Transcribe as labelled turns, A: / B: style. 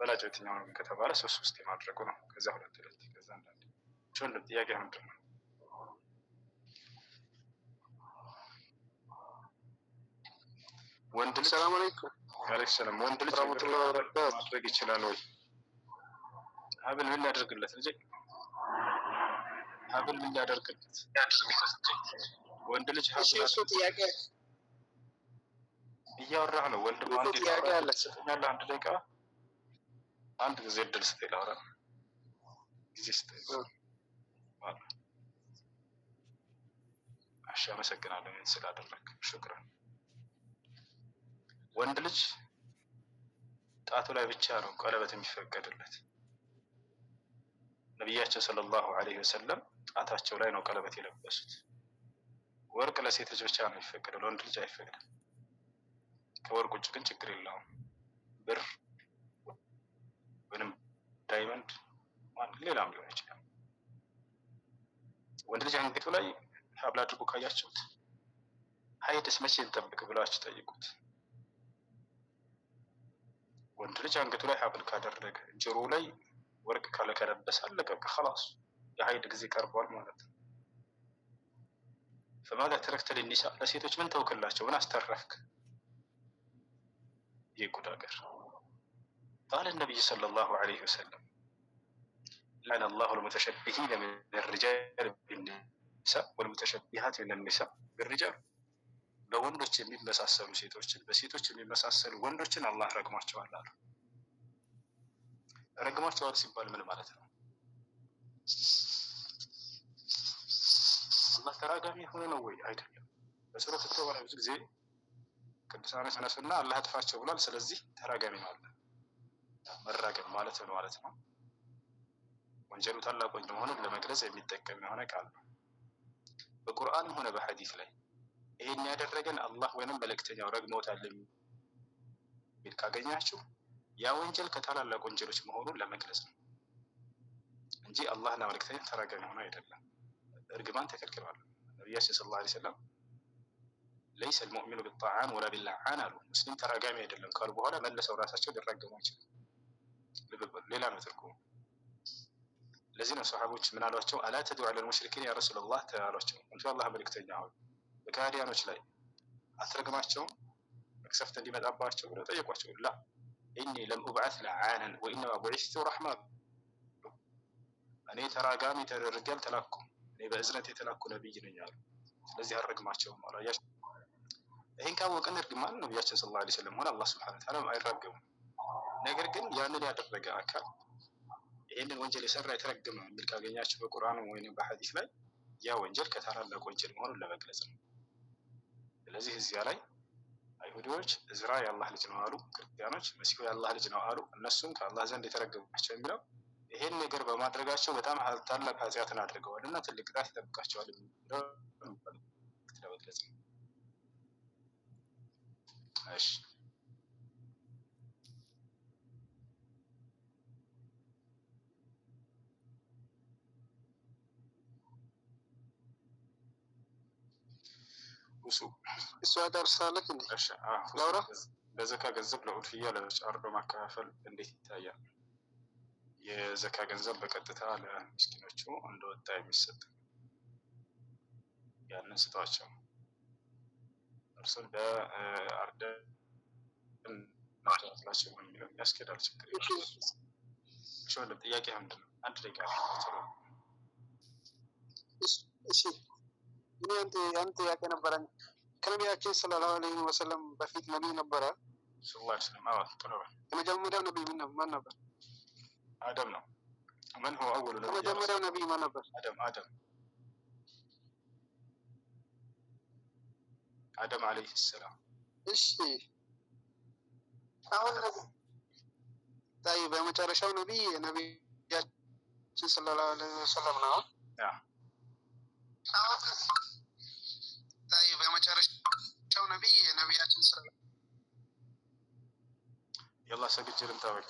A: በላጭ የትኛው ነው ከተባለ ሶስት ሶስት የማድረጉ ነው። ከዚያ ሁለት ሁለት ከዛ አንዳንድ ቾልም ጥያቄ ምንድን ነው? ወንድ ልጅ ሰላም አለይኩም አለይኩም ሰላም። ወንድ ልጅ ማድረግ ይችላል ወይ? ሀብል ምን ሊያደርግለት ልጅ ሀብል ምን ሊያደርግለት ወንድ ልጅ
B: ሀብል ጥያቄ
A: እያወራህ ነው ወንድ
B: አንድ
A: ደቂቃ አንድ ጊዜ እድል ስጠኝ ላውራ፣ ጊዜ ስጠኝ። እሺ፣ አመሰግናለሁ ይህን ስላደረግ። ሹክራን። ወንድ ልጅ ጣቱ ላይ ብቻ ነው ቀለበት የሚፈቀድለት። ነቢያቸው ሰለላሁ ዐለይሂ ወሰለም ጣታቸው ላይ ነው ቀለበት የለበሱት። ወርቅ ለሴት ልጅ ብቻ ነው የሚፈቀደው፣ ለወንድ ልጅ አይፈቅድም። ከወርቅ ውጭ ግን ችግር የለውም ብር ምንም ዳይመንድ ሌላም ሊሆን ይችላል። ወንድ ልጅ አንገቱ ላይ ሀብል አድርጎ ካያችሁት ሀይድስ መቼ እንጠብቅ ብላችሁ ጠይቁት። ወንድ ልጅ አንገቱ ላይ ሀብል ካደረገ ጆሮ ላይ ወርቅ ካለከለበሰ አለቀቀ፣ ከላሱ የሀይድ ጊዜ ቀርቧል ማለት ነው። ፈማዛ ተረክተ ሊኒሳ ለሴቶች ምን ተውክላቸው? ምን አስተረፍክ? ይህ ጉድ قال النبي صلى الله عليه وسلم لعن الله المتشبهين من الرجال بالنساء والمتشبهات من النساء بالرجال በወንዶች የሚመሳሰሉ ሴቶችን በሴቶች የሚመሳሰሉ ወንዶችን አላህ ረግሟቸዋል አሉ። ረግሟቸዋል ሲባል ምን ማለት ነው? አላህ ተራጋሚ የሆነ ነው ወይ? አይደለም። በሱረት ተውባ ብዙ ጊዜ ቅዱሳኖች ነሱና አላህ አጥፋቸው ብሏል። ስለዚህ ተራጋሚ ነው አለ መራገም ማለት ነው ማለት ነው። ወንጀሉ ታላቅ ወንጀል መሆኑን ለመግለጽ የሚጠቀም የሆነ ቃል ነው። በቁርአን ሆነ በሐዲስ ላይ ይሄን ያደረገን አላህ ወይንም መልእክተኛው ረግሞታል የሚል ካገኛችሁ ያ ወንጀል ከታላላቅ ወንጀሎች መሆኑን ለመግለጽ ነው እንጂ አላህና መልእክተኛ ተራጋሚ ሆነ አይደለም። እርግማን ተከልክለዋል። ነቢያችን ሰለላሁ ዐለይሂ ወሰለም ለይሰ ልሙእሚኑ ቢጣዓን ወላ ቢላዓን አሉ። ሙስሊም ተራጋሚ አይደለም ካሉ በኋላ መለሰው ራሳቸው ሊራገሙ አይችልም። ልብበል ሌላ መተርጎሙ ለዚህ ነው ሰሓቦች ምን አሏቸው? አላ ተድዑ ዐለል ሙሽሪኪን ያ ረሱለላህ አሏቸው። እንቱ አላህ መልእክተኛ ሆይ በካህዲያኖች ላይ አትረግማቸውም መቅሰፍት እንዲመጣባቸው ብለው ጠየቋቸው። ላ ኢኒ ለም ኡብዓት ለዓነን ወኢነማ ቡዒስቱ ረሕማ፣ እኔ ተራጋሚ ተደርጌ አልተላኩም፣ እኔ በእዝነት የተላኩ ነቢይ ነኝ አሉ። ስለዚህ አልረግማቸውም አሉ። ይህን ካወቅን እርግማን ነቢያችን ስለ ላ ሰለም ሆነ አላህ ስብሓነ ተዓላ አይራገሙም። ነገር ግን ያንን ያደረገ አካል ይህንን ወንጀል የሰራ የተረገመ የሚል ካገኛችሁ በቁርአን ወይም በሀዲስ ላይ ያ ወንጀል ከታላላቅ ወንጀል መሆኑን ለመግለጽ ነው። ስለዚህ እዚያ ላይ አይሁዲዎች እዝራ የአላህ ልጅ ነው አሉ፣ ክርስቲያኖች መሲሁ የአላህ ልጅ ነው አሉ። እነሱም ከአላህ ዘንድ የተረገሙ ናቸው የሚለው ይህን ነገር በማድረጋቸው በጣም ታላቅ ኃጢአትን አድርገዋል እና ትልቅ ቅጣት ይጠብቃቸዋል የሚለው ለመግለጽ ነው። እሺ ውሰው
B: እሷ ደርሳለች እንዴ? ላውራ
A: በዘካ ገንዘብ ለኡድፍያ ለጫርዶ ማከፋፈል እንዴት ይታያል? የዘካ ገንዘብ በቀጥታ ለሚስኪኖቹ እንደወጣ የሚሰጥ ያንን ስጧቸው። እርሱን በአርደ ናቸው የሚለው ያስኬዳል። ችግር ለም ጥያቄ ምንድን ነው? አንድ ደቂቃ
B: ಏನಂತೆ ಅಂತ ಯಾಕೆ ನಂಬರ كلام صلى الله عليه وسلم بفيت نبي نبرة
A: صلى الله عليه وسلم اه طبعا
B: انا جمع نبي من ما نبر
A: ادم نو من هو اول
B: نبي انا جمع نبي ما نبر
A: ادم ادم ادم عليه السلام
B: ايش አሁን طيب በመጨረሻው ነቢይ ነቢያችን ሰለላሁ ዐለይሂ ወሰለም ነው። ላይ በመጨረሻው ነቢይ የነቢያችን ስራ
A: የአላህ ሰግጄ ልምጣ